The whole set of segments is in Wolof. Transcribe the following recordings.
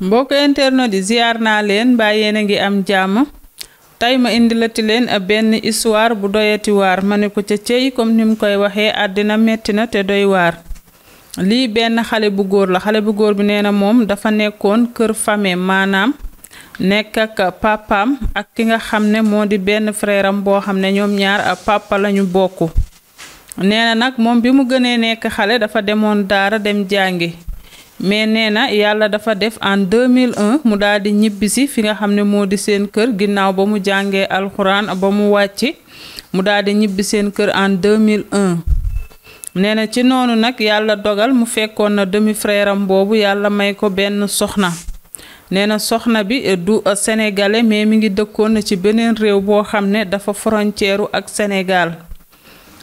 mbokk internet di ziar naa leen mbaa yéen a ngi am jàmm tey ma indilati leen ab benn histoire bu doyati waar ma ne ko ca cey comme ni mu koy waxee àddina metti na te doy lii benn xale bu góor la xale bu góor bi nee na moom dafa nekkoon kër fame maanaam nekk ak papaam ak ki nga xam ne moo di benn frère boo xam ne ñoom ñaar papa lañu bokk. nee na nag moom bi mu gënee nekk xale dafa demoon daara dem jàngi. mais nee na yàlla dafa def en 2001 mu daal di ñibbisi fi nga xam ne moo di seen kër ginnaaw ba mu jàngee alxuraan ba mu wàcc mu dal di ñibbi seen kër en 2001 nee na ci noonu nag yàlla dogal mu fekkoon na demi frère boobu yàlla may ko benn soxna nee na soxna bi du sénégalais mais mu ngi dëkkoon na ci beneen réew boo xam ne dafa frontière ak Sénégal.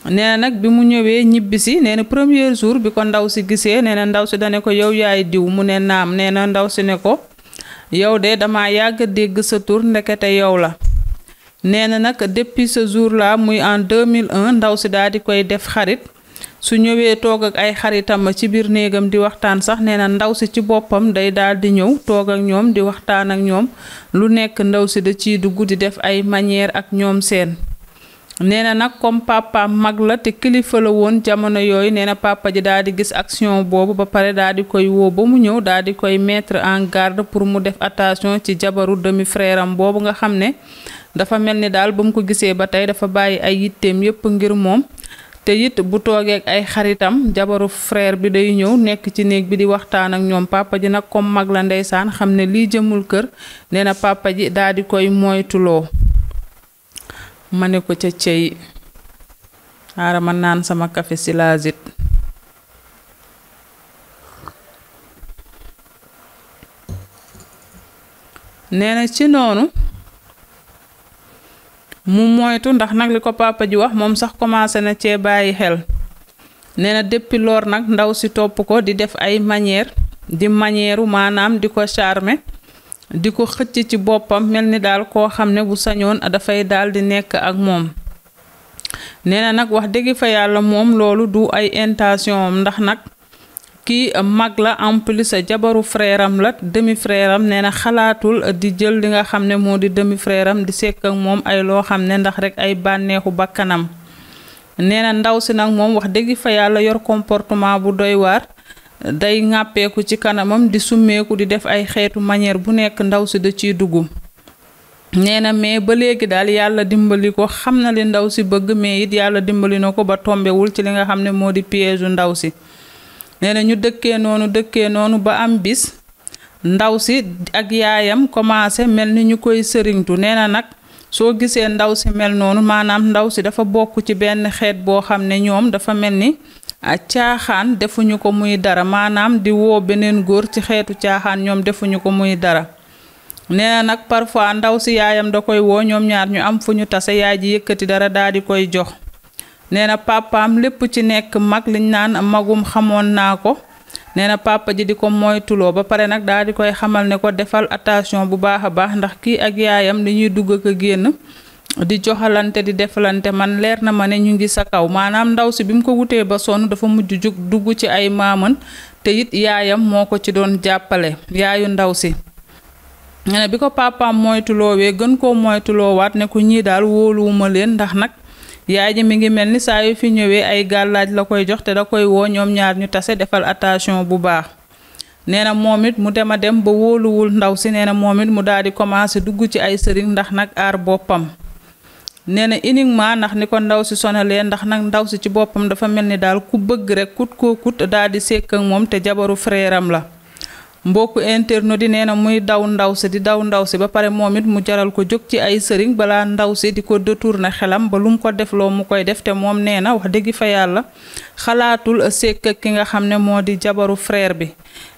nee nag bi mu ñëwee ñibbisi si nee na premier jour bi ko ndaw si gisee nee na ndaw si dane ko yow yaay diw mu ne naam nee na ndaw si ne ko yow de dama yàgg dégg sa tur ndekete yow la nee na nag depuis ce jour là muy en 2001 ndaw si daal di koy def xarit su ñëwee toog ak ay xaritam ci biir néegam di waxtaan sax nee na ndaw si ci boppam day daal di ñëw toog ak ñoom di waxtaan ak ñoom lu nekk ndaw si da ciy dugg di def ay manière ak ñoom seen nee na nag comme papa mag la te kilifa la woon jamono yooyu nee na papa ji daal di gis action boobu ba pare daal di koy woo ba mu ñëw daal di koy mettre en garde pour mu def attention ci jabaru demi frère boobu nga xam ne dafa mel ni daal ba mu ko gisee ba tey dafa bàyyi ay yitteem yépp ngir moom te it bu toogee ay xaritam jabaru frère bi day ñëw nekk ci néeg bi di waxtaan ak ñoom papa ji nag comme mag la ndeysaan xam ne lii jëmul kër nee na papa ji daal di koy moytuloo ma ne ko ca cey xaaral ma naan sama kafe si neena ci noonu mu moytu ndax nag li ko papa ji wax moom sax commencé na cee bàyyi xel nee na depuis lors nag ndaw si topp ko di def ay manière di manière maanaam di ko charmer di ko xëcc ci boppam mel ni daal koo xam ne bu sañoon dafay daal di nekk ak moom nee na nag wax dëgg fa yàlla moom loolu du ay intention ndax nag kii mag la en sa jabaru frère la demi frère am nee na xalaatul di jël li nga xam ne moo di demi frère di sekk ak moom ay loo xam ne ndax rek ay bànneexu bakkanam nee na ndaw si nag moom wax dëgg fa yàlla yor comportement bu doy waar day ŋàppeeku ci kanamam di summeeku di def ay xeetu manière bu nekk ndaw si da ciy dugg nee na mais ba léegi daal yàlla dimbali ko xam na li ndaw si bëgg mais it yàlla dimbali na ko ba tombewul ci li nga xam ne moo di piège ndaw si nee na ñu dëkkee noonu dëkkee noonu ba am bis ndaw si ak yaayam commencé mel ni ñu koy sëriñtu nee na nag soo gisee ndaw si mel noonu maanaam ndaw si dafa bokk ci benn xeet boo xam ne ñoom dafa mel ni caaxaan defuñu ko muy dara maanaam di woo beneen góor ci xeetu caaxaan ñoom defuñu ko muy dara nee nag parfois ndaw si yaayam da koy woo ñoom ñaar ñu am fu ñu tase yaay ji yëkkati dara daa di koy jox nee na papaam lépp ci nekk mag liñ naan magum xamoon naa ko nee na papa ji di ko moytuloo ba pare nag daa di koy xamal ne ko defal attention bu baax a baax ndax kii ak yaayam li ñuy dugg ak a génn di joxalante di defalante man leer na ma ne ñu ngi sa kaw maanaam ndaw si bi mu ko wutee ba sonn dafa mujj jug dugg ci ay maaman te it yaayam moo ko ci doon jàppale yaayu ndaw si ne bi ko papaam moytuloowee gën koo moytuloowaat ne ko ñii daal wóoluwuma leen ndax nag yaay ji mi ngi mel ni saa yu fi ñëwee ay gàllaaj la koy jox te da koy woo ñoom ñaar ñu tase defal attention bu baax nee na moom it mu dem a dem ba wóoluwul ndaw si nee na moom it mu daal di commencé dugg ci ay sëriñ ndax nag aar nee na uniquement ndax ni ko ndaw si sonalee ndax nag ndaw si ci boppam dafa mel ni daal ku bëgg rek kut koo kut daal di sekk moom te jabaru freeram la mbokku internet di nee na muy daw ndaw si di daw ndaw si ba pare moom it mu jaral ko jóg ci ay sëriñ balaa ndaw si di ko na xelam ba lu mu ko defloo mu koy def te moom nee na wax dëgg fa yàlla xalaatul sekk ki nga xam ne moo di jabaru freer bi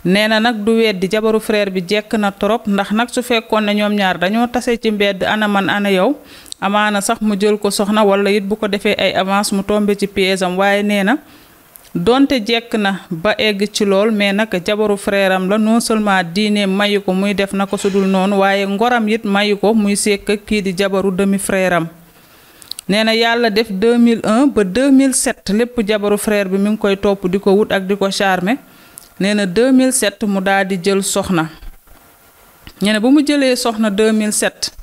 nee na nag du weddi jabaru freer bi jekk na trop ndax nag su fekkoon ne ñoom ñaar dañoo tase ci mbedd ana man yow amaana sax mu jël ko soxna wala it bu ko defee ay avance mu tombe ci piège waaye nee na donte jekk na ba egg ci lool mais nag jabaru freeram la non seulement diine mayu ko muy def na ko sudul noonu waaye ngoram it mayu ko muy sekk kii di jabaru demi frère am nee na yàlla def 2001 ba 2007 lépp jabaru frère bi mi ngi koy topp di ko wut ak di ko charmer nee na 2007 mu daal di jël soxna nee na bu mu jëlee soxna 2007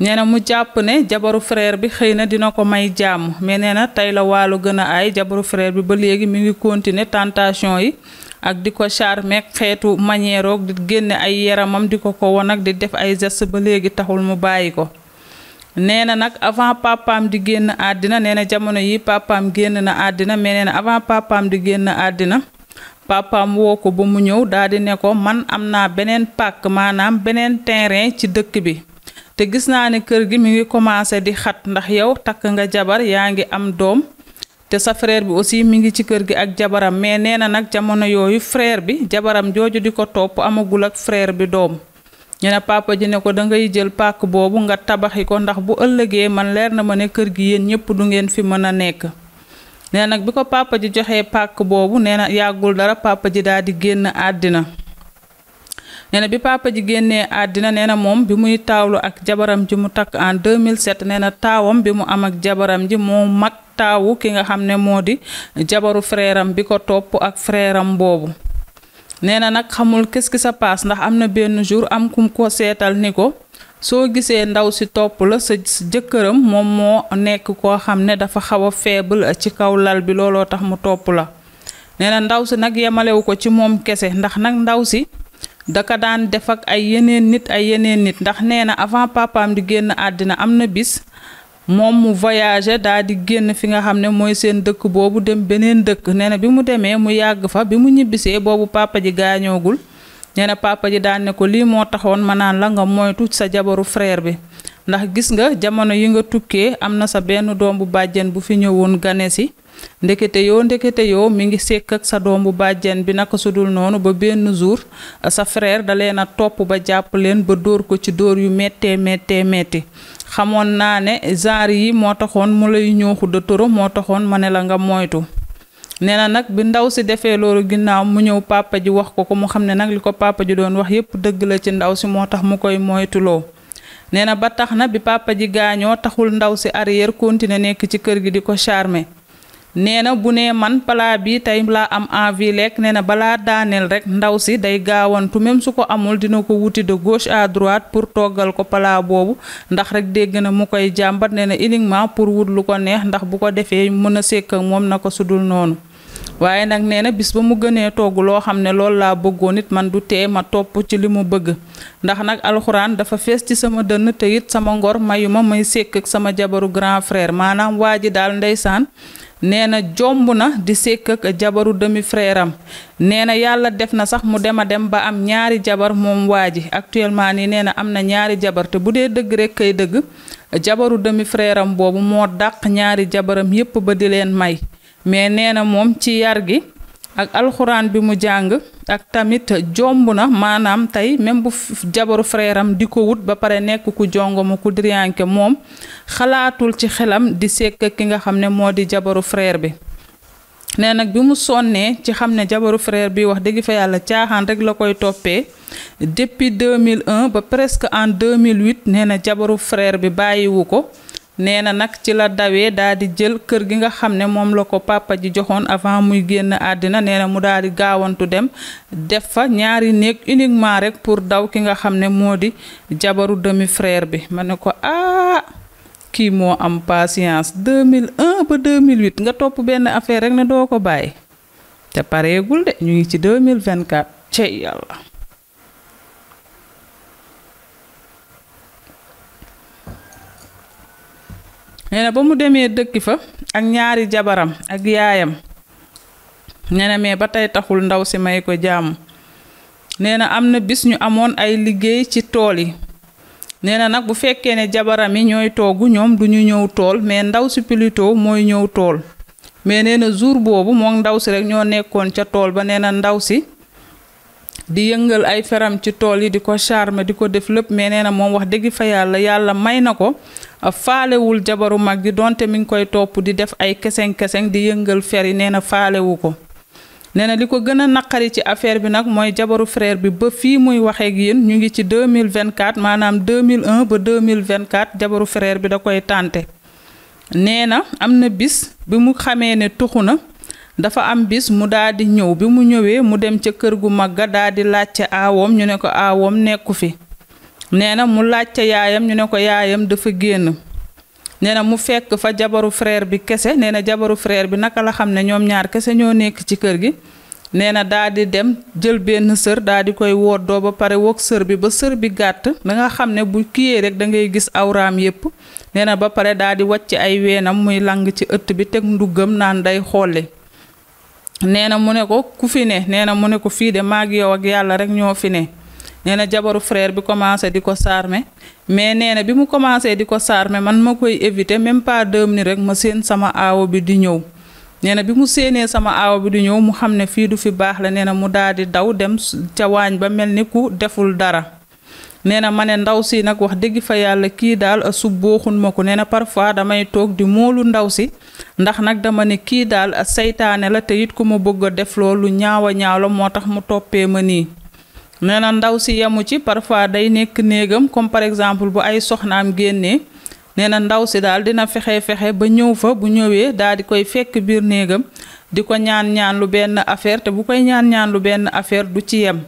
nee mu jàpp ne jabaru frère bi xëy na dina ko may jàmm mais nee na tey la waalo gën a aay jabaru frère bi ba léegi mi ngi continuer tentation yi ak di ko charmer xeetu manière ak di génne ay yaramam di ko ko won ak di def ay geste ba léegi taxul mu bàyyi ko nee na nag avant papam di génn àddina nee na jamono yi papaam génn na àddina mais nee avant papaam di génn àddina papaam woo ko ba mu ñëw dal di ne ko man am naa beneen pàkk maanaam beneen terrain ci dëkk bi te gis naa ne kër gi mu ngi commencé di xat ndax yow takk nga jabar yaa ngi am doom te sa frère bi aussi mi ngi ci kër gi ak jabaram mais nee na nag jamono yooyu frère bi jabaram jooju di ko topp amagul ak frère bi doom ñu ne papa ji ne ko dangay jël pàkk boobu nga tabaxi ko ndax bu ëllëgee man leer na ma ne kër gi yéen ñëpp du ngeen fi mën a nekk nee nag bi ko papa ji joxee pàkk boobu nee na yàggul dara papa ji daal di génn àddina nee bi papa ji génnee àddina nee na moom bi muy taawlu ak jabaram ji mu takk en 2007 nee na taawam bi mu am ak jabaram ji moo mag taawu ki nga xam ne moo di jabaru freeram bi ko topp ak freeram boobu. nee na nag xamul qu'est-ce qui se ndax am na benn jour am kum ko seetal ni ko soo gisee ndaw si topp la sa jëkkëram moom moo nekk koo xam ne dafa xaw a faible ci kaw lal bi looloo tax mu topp la nee na ndaw si nag yemalewu ko ci moom kese ndax nag ndaw si. da daan def ak ay yeneen nit ay yeneen nit ndax nee na avant papaam di génn àddina am na bis moom mu voyagé daa di génn fi nga xam ne mooy seen dëkk boobu dem beneen dëkk nee na bi mu demee mu yàgg fa bi mu ñibbisee boobu papa ji gaañoogul nee na ji daan ne ko lii moo taxoon manaan naan la nga moytu sa jabaru frère bi ndax gis nga jamono yi nga tukkee am na sa benn doom bu bàjjen bu fi ñëwoon gane si ndekete yoo ndekete yoo mi ngi sekk ak sa doom bu bàjjen bi naka su noonu ba benn jour sa frère da leen a topp ba jàpp leen ba dóor ko ci dóor yu méttee méttee metti xamoon naa ne genre yi moo taxoon mu lay ñooxu de moo taxoon ma ne la nga moytu nee na nag bi ndaw si defee loolu ginnaaw mu ñëw pàppa ji wax ko ko mu xam ne nag li ko papa ji doon wax yépp dëgg la ci ndaw si moo tax mu koy moytuloo nee na ba tax na bi pàppa ji gaañoo taxul ndaw si arrière continuer nekk ci kër gi di ko charmer nee na bu ne man palaa bi tey laa am envie lekk nee na balaa daaneel rek ndaw si day gaawantu même su ko amul dina ko wuti de gauche à droite pour toggal ko palaa boobu ndax rek dégg na mu koy jàmbat nee na uniquement pour wut lu ko neex ndax bu ko defee mën a sekk ak moom na ko sudul noonu waaye nag nee na bis ba mu gënee toog loo xam ne loolu laa bëggoon it man du tee ma topp ci li mu bëgg ndax nag alxuraan dafa fees ci sama dënn te it sama ngor mayu ma may sekk ak sama jabaru grand frère maanaam waa ji daal ndeysaan nee na jomb na di sekk ak jabaru demi frère nee na yàlla def na sax mu dem a dem ba am ñaari jabar moom waa ji actuellement nii nee na am na ñaari jabar te bu dee dëgg rek kay dëgg jabaru demi frère boobu moo dàq ñaari jabaram yépp ba di leen may mais nee na moom ci yar gi ak alxuraan bi mu jàng ak tamit jomb na maanaam tey même bu jabaru frère di ko wut ba pare nekk ku jongamu ku diriyanke moom xalaatul ci xelam di sekk ki nga xam ne moo di jabaru frère bi nee nag bi mu sonnee ci xam ne jabaru frère bi wax dëgg fa yàlla caaxaan rek la koy toppee depuis 2001 ba presque en 2008 nee na jabaru frère bi bàyyiwu ko nee na nag ci la dawee daa di jël kër gi nga xam ne moom la ko papa ji joxoon avant muy génn àddina nee na mu daal di gaawantu dem def fa ñaari néeg uniquement rek pour daw ki nga xam ne moo di jabaru demi frère bi ma ne ko ah kii moo am patience 2001 ba 2008 nga topp benn affaire rek ne doo ko bàyyi te pareegul de ñu ngi ci 2024 cey yàlla nee na ba mu demee dëkki fa ak ñaari jabaram ak yaayam nee na ba tey taxul ndaw si may ko jàmm nee na am na bis ñu amoon ay liggéey ci tool yi nee na nag bu fekkee ne jabaram yi ñooy toogu ñoom du ñu ñëw tool mais ndaw si plutôt mooy ñëw tool mais nee na jour boobu moom ndaw si rek ñoo nekkoon ca tool ba nee na ndaw si di yëngal ay feram ci tool yi di ko charme di ko def lépp mais nee na moom wax dëgg fa yàlla yàlla may na ko faalewul jabaru mag ji donte mi ngi koy topp di def ay keseng-keseng di yëngal fer yi nee na faalewu ko nee na li ko gën a naqari ci affaire bi nag mooy jabaru frère bi ba fii muy waxee ak yéen ñu ngi ci 2024 maanaam 2001 ba 2024 jabaru frère bi da koy tànte nee na am na bis bi mu xamee ne tuxu na dafa am bis mu daal di ñëw bi mu ñëwee mu dem ca kër gu mag ga daal di laajte aawoom ñu ne ko aawoom nekku fi nee na mu laajte yaayam ñu ne ko yaayam dafa génn nee na mu fekk fa jabaru frère bi kese nee na jabaru frère bi naka la xam ne ñoom ñaar kese ñoo nekk ci kër gi nee na daa di dem jël benn sër daa di koy woddoo ba pare wokk sër bi ba sër bi gàtt da nga xam ne bu kiyee rek da ngay gis awraam yépp nee na ba pare daa di wacc ay weenam muy lang ci ëtt bi teg nduggam naan day xoole nee na mu ne ko ku fi ne nee na mu ne ko fii de maag yow ak yàlla rek ñoo fi ne nee na jabaru freer bi commencé di ko charmer mais nee na bi mu commencé di ko charmer man ma koy éviter même pas deux minutes rek ma séen sama aawo bi di ñëw nee na bi mu séenee sama aawo bi di ñëw mu xam ne fii du fi baax la nee na mu daal di daw dem ca ba mel ni ku deful dara nee na ma ne ndaw si nag wax dëgg fa yàlla kii daal sub booxun ma ko nee na parfois damay toog di moolu ndaw si ndax nag dama ne kii daal seytaane la te it ku ma bëgg a def loolu ñaaw a ñaaw la moo tax mu toppee ma nii nee na ndaw si yemu ci parfois day nekk néegam comme par exemple bu ay soxnaam génnee nee na ndaw si daal dina fexe-fexe ba ñëw fa bu ñëwee daal di koy fekk biir néegam di ko ñaan-ñaan lu benn affaire te bu koy ñaan-ñaan lu benn affaire du ci yem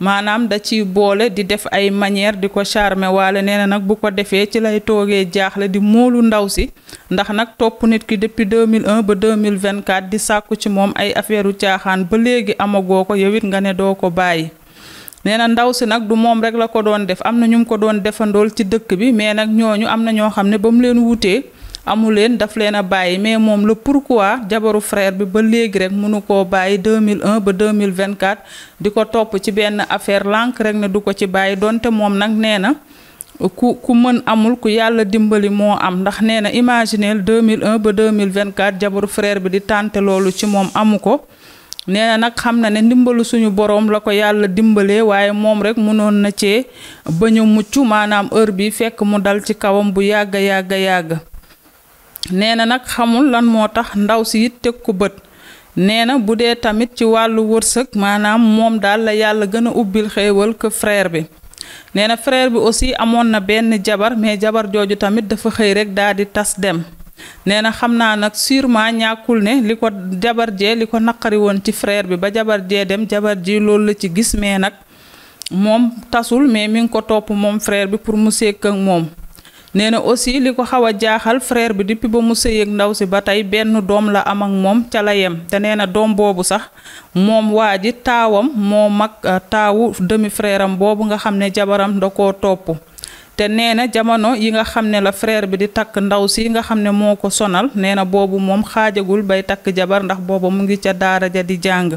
maanaam da ciy boole di def ay manière di ko charmer waale nee na nag bu ko defee ci lay toogee jaaxle di moolu ndaw si ndax nag topp nit ki depuis 2001 ba 2024 di sàkku ci moom ay affaireu caaxaan ba léegi amagoo ko yow it nga ne doo ko bàyyi nee na ndaw si nag du moom rek la ko doon def am na ñu mu ko doon defandool ci dëkk bi mais nag ñooñu am na ñoo xam ne ba mu leen wutee amu leen daf leen a bàyyi mais moom la pourquoi jabaru frère bi ba léegi rek mënu koo bàyyi 2001 ba 2024 di ko topp ci benn affaire lànk rek ne du ko ci bàyyi doonte moom nag nee na ku ku mën amul ku yàlla dimbali moo am ndax nee na imagineel 2001 ba 2024 jabaru frère bi di tànte loolu ci moom amu ko nee nag xam na ne ndimbalu suñu borom la ko yàlla dimbalee waaye moom rek mënoon na cee bañ mucc maanaam heure bi fekk mu dal ci kawam bu yàgg yàgg yàgg nee na nag xamul lan moo tax ndaw si it teg ko bët nee na bu dee tamit ci wàllu wërsëg maanaam moom daal la yàlla gën a ubbil xeewal que freer bi nee na frère bi aussi amoon na benn jabar mais jabar jooju tamit dafa xëy rek daal di tas dem nee na xam naa nag sûrement ñàkkul ne li ko jabar jee li ko naqari woon ci freer bi ba jabar jee dem jabar ji loolu la ci gis mais nag moom tasul mais mi ngi ko topp moom freer bi pour mu sekk ak moom. nee na aussi li ko xaw a jaaxal freer bi depuis ba mu sëy ak ndaw si ba tey benn doom la am ak moom ca la yem te nee na doom boobu sax moom waa ji taawam moo mag euh, taawu demi freeram boobu nga xam ne jabaram da koo topp. te nee na jamono yi nga xam ne la freer bi di takk ndaw si nga xam ne moo ko sonal nee na boobu moom xaajagul bay takk jabar ndax booba mu ngi ca daara ja di jàng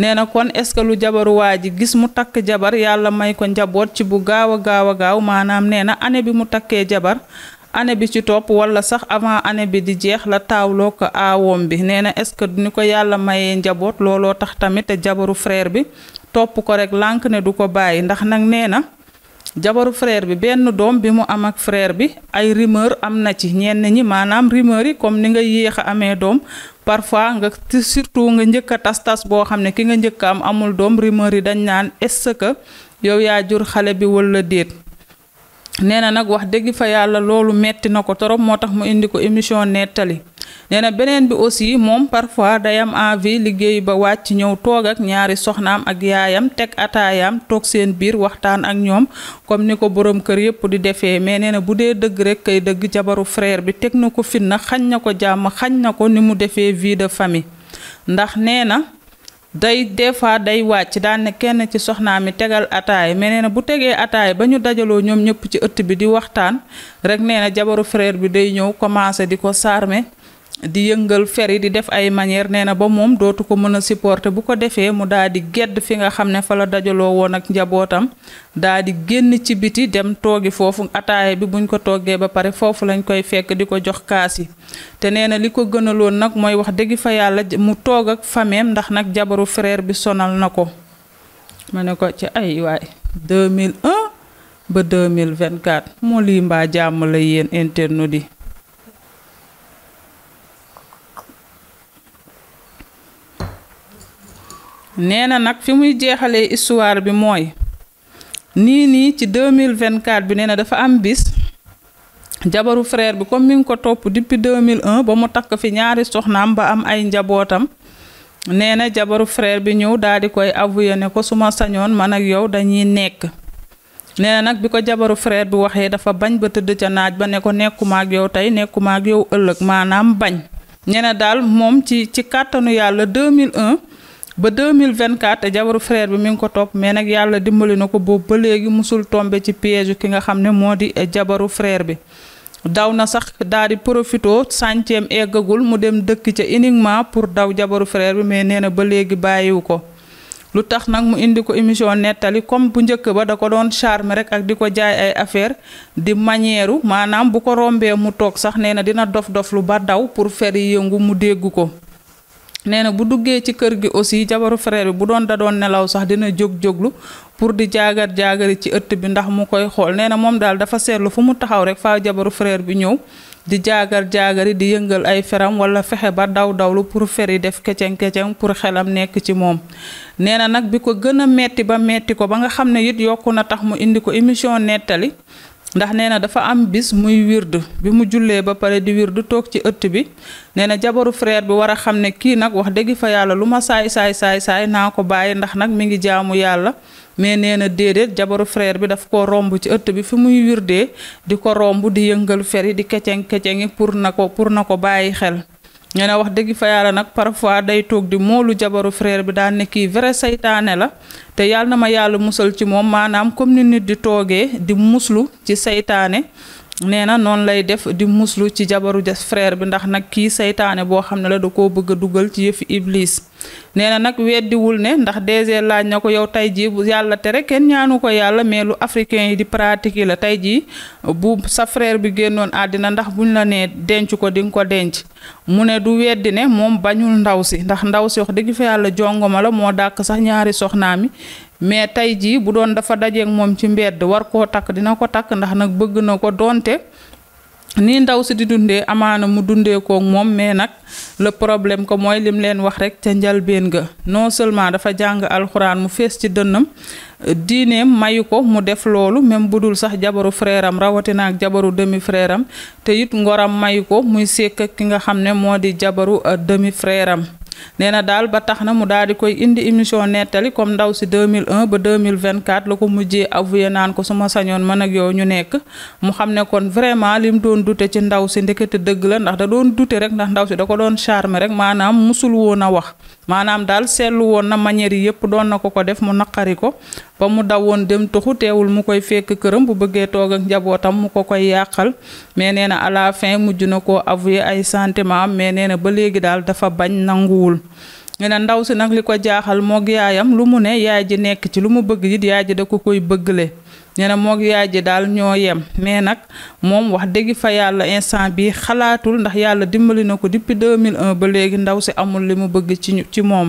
nee na kon est-ce que lu jabaru waa ji gis mu takk jabar yàlla may ko njaboot ci bu gaaw a gaaw a gaaw maanaam nee na année bi mu takkee jabar année bi ci topp wala sax avant année bi di jeex la taawloo ko aawoom bi nee na est-ce que ni ko yàlla mayee njaboot looloo tax tamit jabaru freer bi topp ko rek lànk ne du ko bàyyi ndax nag nee na jabaru frère bi benn doom bi mu am ak frère bi ay rumeur am na ci ñenn ñi maanaam rumeur yi comme ni nga yéex a amee doom parfois nga surtout nga njëkk a tas tas boo xam ne ki nga njëkk am amul doom rumeur yi dañ naan est-ce yow yaa jur xale bi walla déet. nee na nag wax dëgg fa yàlla loolu metti na ko torop moo tax mu indi ko émission nettali nee na beneen bi aussi moom parfois day am envie liggéey ba wàcc ñëw toog ak ñaari soxnaam ak yaayam teg ataayam toog seen biir waxtaan ak ñoom comme ni ko borom kër yépp di defee mais nee na bu dee dëgg rek kay dëgg jabaru freer bi teg na ko fitna xañ na ko jàmm xañ na ko ni mu defee vie de famille ndax nee day des fois day wàcc daan ne kenn ci soxnaa mi tegal ataay mais nee na bu tegee ataay ba ñu dajaloo ñoom ñëpp ci ëtt bi di waxtaan rek nee na jabaru freer bi day ñëw commencé di ko sarme di yëngal fer di def ay manière nee na ba moom dootu ko mën a supporter bu ko defee mu daal di gedd fi nga xam ne fa la dajaloo woon ak njabootam daal di génn ci biti dem toogi foofu ataaya bi buñ ko toggee ba pare foofu lañ koy fekk di ko jox kaas yi te nee na li ko gënaloon nag mooy wax dëgg fa yàlla mu toog ak fameem ndax nag jabaru frère bi sonal na ko mu ne ko ci ay waay 2001 ba 2024 moo lii mbaa jàmm la yéen internet yi nee na nag fi muy jeexalee histoire bi mooy nii nii ci vingt 2024 bi nee na dafa am bis jabaru frère bi comme mi ngi ko topp depuis 2001 ba mu takk fi ñaari soxnaam ba am ay njabootam nee na jabaru frère bi ñëw daal di koy avoué ne ko su ma sañoon man ak yow dañuy nekk nee nag bi ko jabaru frère bi waxee dafa bañ ba tëdd ca naaj ba ne ko nekkuma ak yow tey nekkuma ak yow ëllëg maanaam bañ nee na daal moom ci ci kàttanu yàlla 2001 ba 2024 te jabaru frère bi mu ngi ko toog mais nag yàlla dimbali na ko boobu ba léegi musul tombe ci piège ki nga xam ne moo di eh, jabaru frair bi daw na sax daal di profito sànceem eggagul mu dem dëkk ca uniquement pour daw jabaru frère bi mais nee na ba léegi bàyyiwu ko lu tax nag mu indi ko émission nettali comme bu njëkk ba da ko doon charme rek ak di ko jaay ay affaire di manière maanaam bu ko rombee mu toog sax nee na dina dof dof lu ba daw pour fer yi yëngu mu dégg ko nee na bu duggee ci kër gi aussi jabaru frère bi bu doon da doon nelaw sax dina jóg-jóglu pour di jaagar jaagari ci ëtt bi ndax mu koy xool nee na moom daal dafa seetlu fu mu taxaw rek faa jabaru frère bi ñëw di jaagar jaagari di yëngal ay feram wala fexe ba daw dawlu pour fer yi def keceng-keceng pour xelam nekk ci moom nee na nag bi ko gën a metti ba metti ko ba nga xam ne it yokku na tax mu indi ko émission nettali ndax nee na dafa am bis muy wirdu bi mu jullee ba pare di wirdu toog ci ëtt bi nee na jabaru frère bi war a xam ne kii nag wax dëgg fa yàlla lu ma saay saay saay saay naa ko bàyyi ndax nag mi ngi jaamu yàlla mais nee na déedéet jabaru frère bi daf ko romb ci ëtt bi fu muy wirdee di ko romb di yëngal fer yi di keceng kecengi pour na ko pour na ko bàyyi xel ñu ne wax dëgg fa yàlla nag parfois day toog di moolu jabaru frère bi daan ne kii vrai seytaane la te yàlla na ma yàlla musal ci moom maanaam comme ni nit di toogee di muslu ci saytaane nee na noonu lay def di muslu ci jabaru jas frère bi ndax nag kii seytaane boo xam ne la da ko bëgg a dugal ci yëfi iblis nee na nag weddiwul ne ndax DG laaj na ko yow tey jii bu yàlla tere kenn ñaanu ko yàlla mais lu africain yi di pratiquer la tey jii bu sa frère bi génnoon àddina ndax buñ la nee denc ko di nga ko denc mu ne du weddi ne moom bañul ndaw si ndax ndaw si wax dëgg fa yàlla jongoma la moo dàq sax ñaari mi mais tey jii bu doon dafa dajeeg moom ci mbedd war koo takk dina ko takk ndax nag bëgg na ko donte ni ndaw si di dundee amaana mu dundee koog moom mais nag la problème ko mooy lim leen wax rek ca njalbéen ga non seulement dafa jàng alxuraan mu fees ci dënnam diineem mayu ko mu def loolu même bu dul sax jabaru freeram am rawatina ak jabaru demi freeram am te it ngoram mayu ko muy sekk ki nga xam ne moo di jabaru euh, demi frère am nee na daal ba tax na mu daal di koy indi émission nettali comme ndaw si 2001 ba 2024 la ko mujjee avoué ko suma sañoon man ak yow ñu nekk mu xam ne kon vraiment li mu doon dute ci ndaw si ndekete dëgg la ndax da doon dute rek ndax ndaw si da ko doon charme rek maanaam musul woon a wax maanaam daal seetlu woon na manière yi yëpp doon na ko ko def mu naqari ko ba mu dawoon dem tuxu teewul mu koy fekk këram bu bëggee toog ak njabootam mu ko koy yàqal mais nee na à fin mujj na koo avouer ay sentiment am mais nee na ba léegi daal dafa bañ nanguwul ñu ne ndaw si nag li ko jaaxal moog yaayam lu mu ne yaay ji nekk ci lu mu bëgg it yaay ji da ko koy bëggale nee na moog yaay ji daal ñoo yem mais nag moom wax dégg fa yàlla instant bi xalaatul ndax yàlla dimbali na ko depuis 2001 ba léegi ndaw si amul li mu bëgg ci ci moom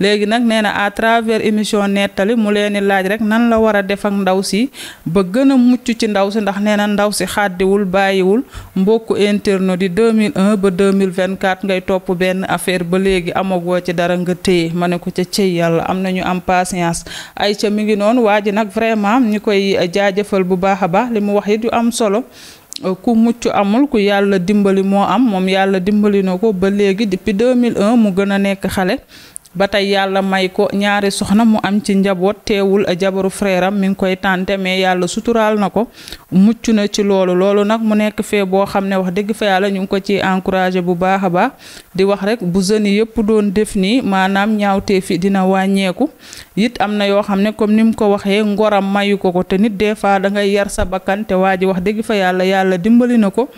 léegi nag nee na à travers émission nettali mu leen di laaj rek nan la war a def ndaw si ba gën a mucc ci ndaw si ndax nee na ndaw si xàddiwul bàyyiwul mbokku internet di 2001 ba 2024 ngay topp benn affaire ba léegi amagoo ci dara nga téye ma ne ko ca cëy yàlla am nañu am patience ay ca mi ngi noonu waa ji nag jaajëfal bu baax a baax li mu wax it yu am solo ku mucc amul ku yàlla dimbali moo am moom yàlla dimbali na ko ba léegi depuis 2001 mu gën a nekk xale ba tey yàlla may ko ñaari soxna mu am ci njaboot teewul jabaru freeram am mi ngi koy tànte mais yàlla suturaal na ko mucc na ci loolu loolu nag mu nekk fee boo xam ne wax dëgg fa yàlla ñu ngi ko ci encouragé bu baax a baax di wax rek bu jeunes yëpp doon def nii maanaam ñaawtee fi dina wàññeeku yit am na yoo xam ne comme ni mu ko waxee ngoram mayu ko ko te nit des fois da ngay yar sa bakkan te waa ji wax dëgg fa yàlla yàlla dimbali na ko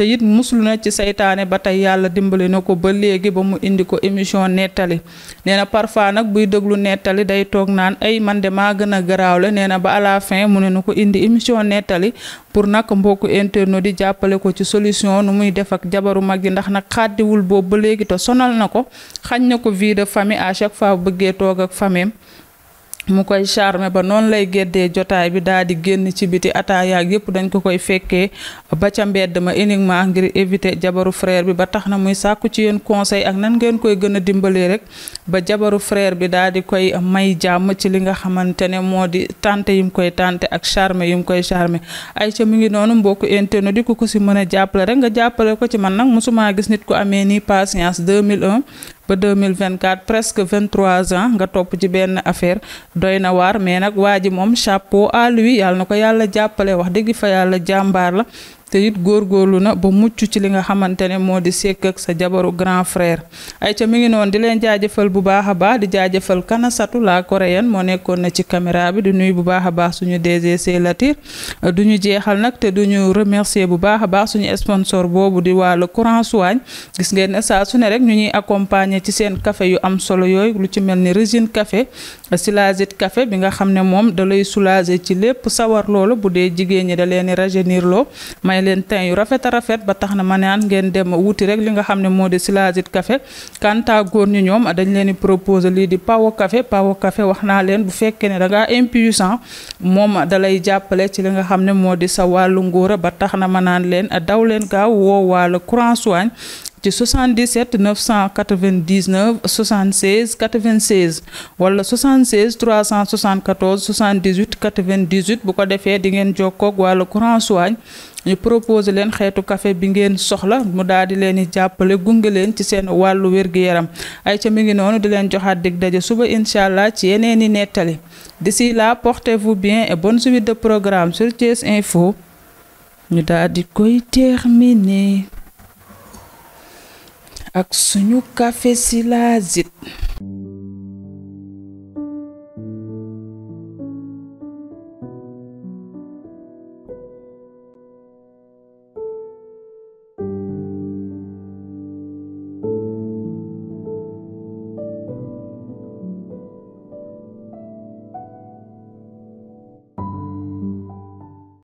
te it muslu na ci seytaane ba tey yàlla dimbali na ko ba léegi ba mu indi ko émission nettali nee na parfois nag buy déglu nettali day toog naan ay man de maa gën a garaawle nee na ba à fin mu ne nu ko indi émission nettali pour nag mbokku internet di jàppale ko ci solution nu muy def ak jabaru mag yi ndax nag xàddiwul boobu ba léegi te sonal na ko xañ na ko vie de famille à chaque fois bëggee toog ak famille mu koy charmer ba noonu lay géddee jotaay bi daal di génn ci biti yaag yépp dañ ko koy fekkee ba ca mbedd ma uniquement ngir éviter jabaru frère bi ba tax na muy sàkku ci yéen conseil ak nan ngeen koy gën a dimbalee rek ba jabaru frère bi daal di koy may jàmm ci li nga xamante ne moo di tante yim koy tante ak charmer yim koy charmer ay ca mu ngi noonu mbokk internet di ku ko si mën a jàppale rek nga jàppale ko ci man nag mosumaa gis nit ku amee nii mille 2001 ba 2024 presque 23 ans nga topp ci benn affaire doy na waar mais nag waa ji moom chapeau à lui yàlla na ko yàlla jàppale wax dëgg fa yàlla jàmbaar la te góor góorlu na ba mucc ci li nga xamante ne moo di sekk ak sa jabaru grand frère ay ca mi ngi noonu di leen jaajëfal bu baax a baax di jaajëfal kanasatu la coréenne moo nekkoon na ci caméra bi di nuyu bu baax a baax suñu DGC Latir du ñu jeexal nag te du ñu remercier bu baax a baax suñu sponsor boobu di waa le Soigne gis ngeen ne saa su ne rek ñu ñuy accompagner ci seen kafe yu am solo yooyu lu ci mel ni régine café silagit kafe bi nga xam ne moom da lay soulager ci lépp sawar loolu bu dee jigéen ñi da leen rajeunir loo may leen ten yu rafet a rafet ba tax na ma naan ngeen dem a wuti rek li nga xam ne moo di silagit café kanta góor ñi ñoom dañ leen di proposer lii di pawo kafe pawo kafe wax naa leen bu fekkee ne da ngaa impuissant moom da lay jàppale ci li nga xam ne moo di sa wàllu nguura ba tax na ma naan leen a daw leen gaaw woo wàllu courant soigne ci 77 999 76 96 wala 76 374 78 98 bu ko defee di ngeen jokkoo ak wàllu courant soigne ñu proposé leen xeetu café bi ngeen soxla mu daal di leen di jàppale gunge leen ci seen wàllu wér-gu-yaram ay ca mi noonu di leen joxaat dig daje suba incha allah ci yeneen i nettali d'ici la portez-vous bien et bonne suite de programme sur Thiès Info ñu daal di koy terminer ak suñu café si la zit